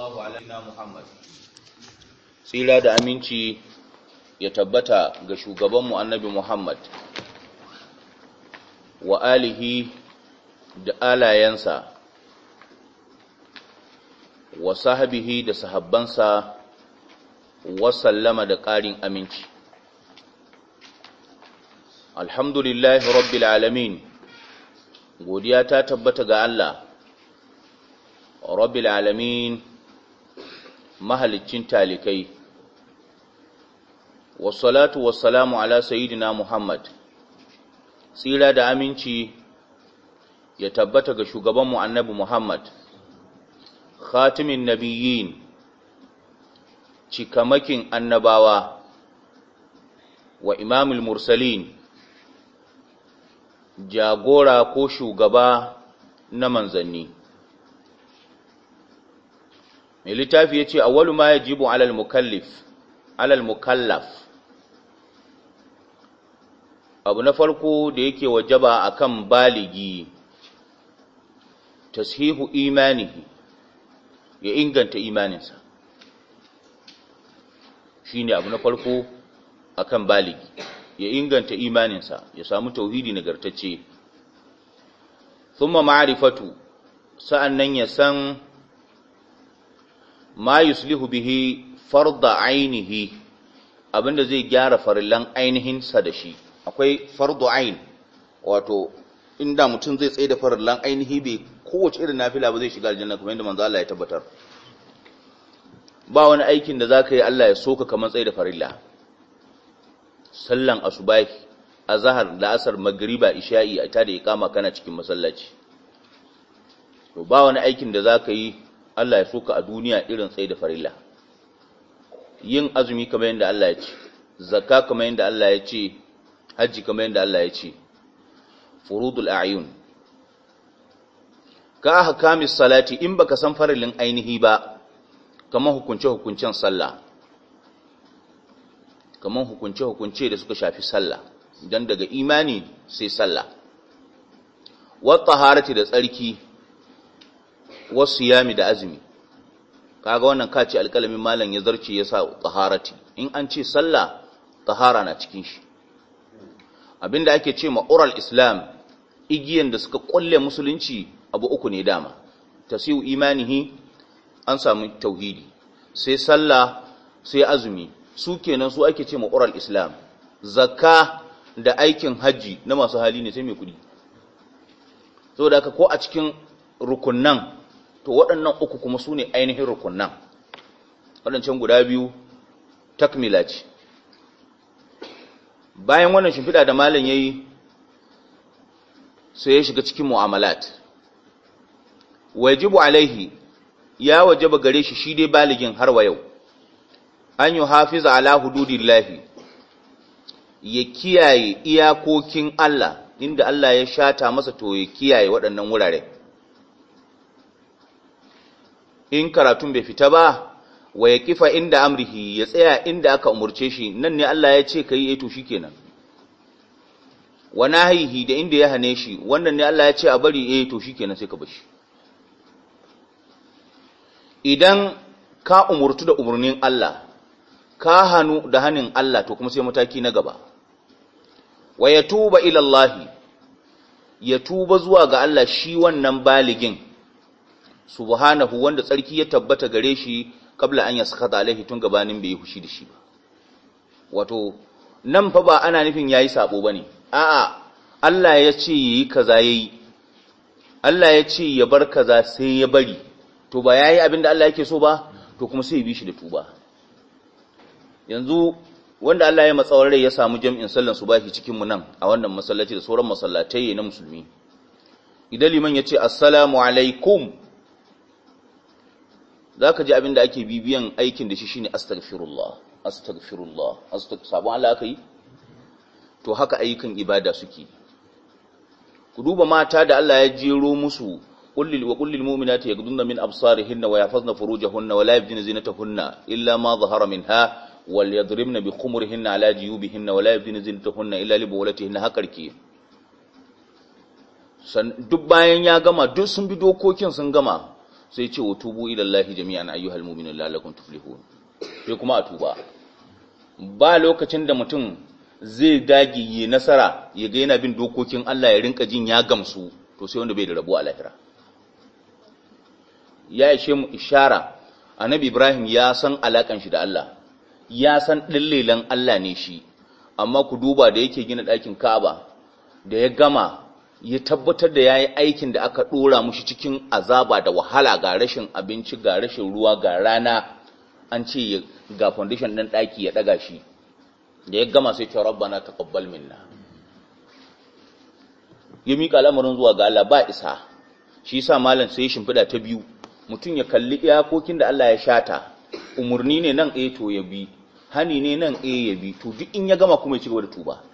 Allahu alaina Muhammad tsira da aminci ya tabbata ga shugabanmu annabi Muhammad wa alihi da alayensa wa sahabihi da sahabbansa wa sallama da ƙarin aminci alhamdulillahi rabbil alamin godiya ta tabbata ga Allah rabbil alamin mahalicin talikai wasalatu wasalamu ala sayidina muhammad tsira da aminci ya tabbata ga shugabanmu annabi muhammad khatimin nabiyyin cikamakin annabawa wa imamul mursalin jagora ko shugaba na manzanni mai littafi ya ce awwalu ma yajibu alal mukallif alal mukallaf abu na farko da yake wajaba akan baligi tashihu imanihi ya inganta imaninsa shine abu na farko akan baligi ya inganta imaninsa ya samu tauhidi nagartacce thumma ma'rifatu sa'annan ya san ma yuslihu bihi farda ainihi abinda zai gyara farillan sa da shi akwai fardu ain wato inda mutum zai tsaye da farillan ainihi bai kowace irin nafila ba zai shiga aljanna kuma yadda manzo Allah ya tabbatar ba wani aikin da zaka yi Allah ya soka kamar tsaye da farilla sallan asubahi azhar da asar magriba isha'i a tada iqama kana cikin masallaci to ba wani aikin da zaka yi Allah ya soka a duniya irin tsaye da farilla yin azumi kamar yadda Allah ya ce zakka kamar yadda Allah ya ce hajji kamar yadda Allah ya ce furudul a'yun ka ahkamis salati in baka san farilin ainihi ba kamar hukunce hukuncen sallah kamar hukunce hukunce da suka shafi sallah dan daga imani sai sallah wa taharati da tsarki wasu yami da azumi kaga wannan kaci alƙalamin malam ya zarce ya sa taharati in an ce sallah tahara na cikin shi abinda ake ce ma oral islam igiyan da suka kulle musulunci abu uku ne dama tasiu imanihi an samu tauhidi sai sallah sai azumi su kenan su ake ce ma oral islam zakka da aikin hajji na masu hali ne sai mai kudi saboda haka ko a cikin rukunan. to waɗannan uku kuma su ne ainihin rukunan waɗancan guda biyu takmila ce bayan wannan shimfiɗa da malam ya yi sai ya shiga cikin mu'amalat wajibu alaihi ya wajaba gare shi shi dai baligin har wa yau an yi hafiza ala hududillahi ya kiyaye iyakokin Allah inda Allah ya shata masa to ya kiyaye waɗannan wurare in karatun bai fita ba wa ya kifa inda amrihi ya tsaya inda aka umurce shi nan ne Allah ya ce kai eh to kenan. wa nahihi da inda ya hane shi wannan ne Allah ya ce a bari eh to kenan sai ka bar shi idan ka umurtu da umurnin Allah ka hanu da hanin Allah to kuma sai mataki na gaba wa yatuba ila Allah ya tuba zuwa ga Allah shi wannan baligin subhanahu wanda tsarki ya tabbata gare shi kabla an yaskhata alaihi tun gabanin bai hushi da shi ba wato nan fa ba ana nufin yayi sabo bane a'a Allah ya ce yi kaza yayi Allah ya ce ya bar kaza sai ya bari to ba yayi abinda Allah yake so ba to kuma sai ya bi shi da tuba yanzu wanda Allah ya matsawar rai ya samu jami'in sallan subahi cikin mu nan a wannan masallaci da sauran masallatai na musulmi idan liman ya ce assalamu alaikum za ka ji abin da ake bibiyan aikin da shi shi ne, astagfirullah astagfirullah sabon Allah aka yi to haka ayyukan ibada suke ku duba mata da Allah ya jero musu kullil wa kullil mu'minati yaghdunna min absarihinna wa yahfazna furujahunna wa la yabdina zinatahunna illa ma dhahara minha wal yadribna bi khumurihinna ala jiyubihinna wa la yabdina zinatahunna illa li bawlatihinna hakarki duk bayan ya gama duk sun bi dokokin sun gama sai ce wa tubu ilallahi jami'an ayyuhal mu'minun la'allakum tuflihun sai kuma a tuba ba lokacin da mutum zai dage yi nasara ya ga yana bin dokokin Allah ya rinka jin ya gamsu to sai wanda bai da rabo a lahira ya ishe mu ishara annabi Ibrahim ya san alakan shi da Allah ya san dillilan Allah ne shi amma ku duba da yake gina ɗakin Ka'aba da ya gama ya tabbatar da ya yi aikin da aka ɗora mushi cikin azaba da wahala ga rashin abinci ga rashin ruwa ga rana an ce ga foundation din ɗaki ya ɗaga shi da ya gama sai na ta taqabbal minna ya miƙa lamarin zuwa ga Allah ba isa shi yasa malam sai shimfiɗa ta biyu mutum ya kalli iyakokin da Allah ya shata umurni ne nan eh to ya bi hani ne nan eh ya bi to duk in ya gama kuma ya ci gaba da tuba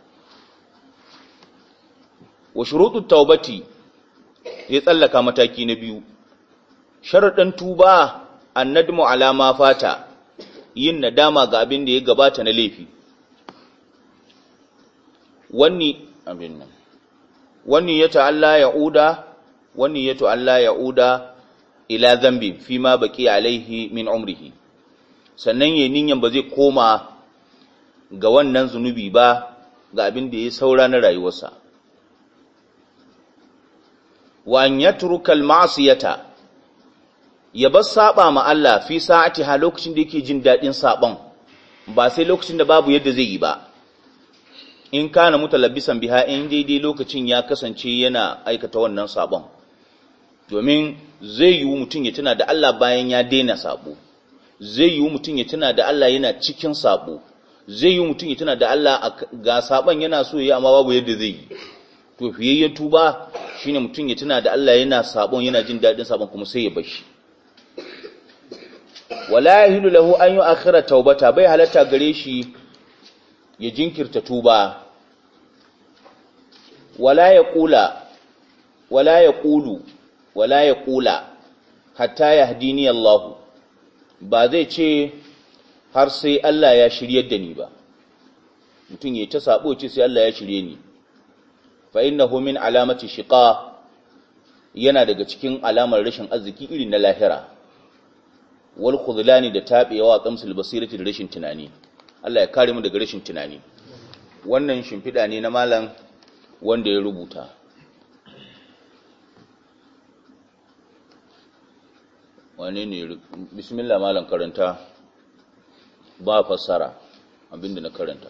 wa shuruɗu taubati ya tsallaka mataki na biyu sharaɗin tuba annadmu alama fata yin nadama ga abin da ya gabata na laifi wani abin nan wani ya ta'alla ya uda wani ya ta'alla ya uda ila zambi fi ma baki alaihi min umrihi sannan ya niyan ba zai koma ga wannan zunubi ba ga abin da ya saura na rayuwarsa wa an yatruka al-ma'siyata ya bar saba ma Allah fi ha lokacin da yake jin dadin sabon ba sai lokacin da babu yadda zai yi ba in kana mutalabbisan biha in daidai lokacin ya kasance yana aikata wannan sabon domin zai yiwu mutum ya tuna da Allah bayan ya daina sabo zai yiwu mutum ya tuna da Allah yana cikin sabo zai yiwu mutum ya tuna da Allah ga sabon yana so ya amma babu yadda zai yi to fiyayyen tuba shine mutum ya tuna da Allah yana sabon yana jin daɗin sabon kuma sai ya bar shi wala yahilu lahu an yu'akhkhira taubata bai halatta gare shi ya jinkirta tuba wala yaqula wala yaqulu wala yaqula hatta yahdini Allah ba zai ce har sai Allah ya shiryar da ni ba mutum ya ta sabo ce sai Allah ya shirye ni fa innahu min alamati shiqa yana daga cikin alamar rashin arziki irin na lahira wal khudlani da tabewa qamsul basirati da rashin tunani Allah ya kare mu daga rashin tunani wannan shimfida ne na malam wanda ya rubuta wani ne bismillah malam karanta ba fassara abinda na karanta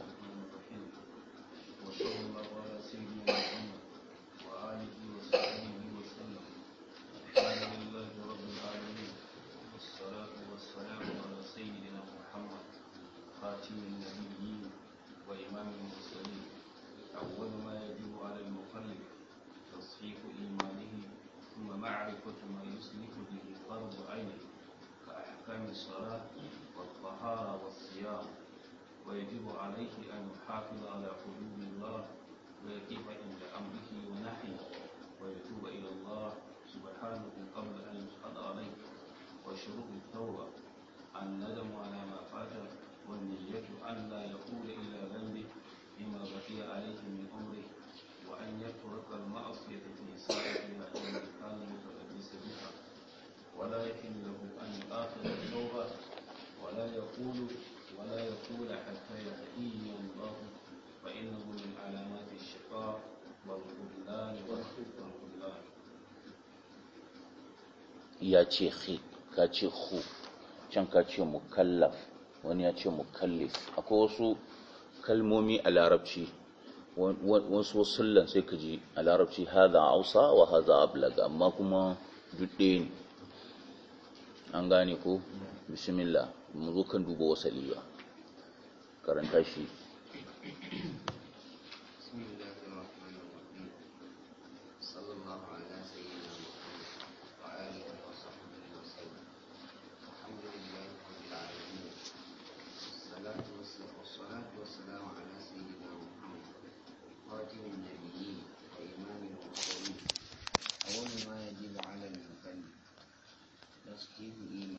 الصلاة والطهارة والصيام ويجب عليه أن يحافظ على حدود الله ويقف عند أمره ونحيه ويتوب إلى الله سبحانه قبل أن يسقط عليه وشروط التوبة الندم على ما فات والنية أن لا يقول إلا يقول ولا يقول حتى يأتيه الله فإنه من علامات الشقاء والخذلان والخذلان ya ce khib ka ce hu can ka ce mukallaf wani ya ce mukallif akwai wasu kalmomi a larabci wasu wasullan sai ka ji a larabci haza hausa wa haza ablaga amma kuma duk ɗaya ne an gane ko bismillah mu zo kan duba wasali ba karanta shi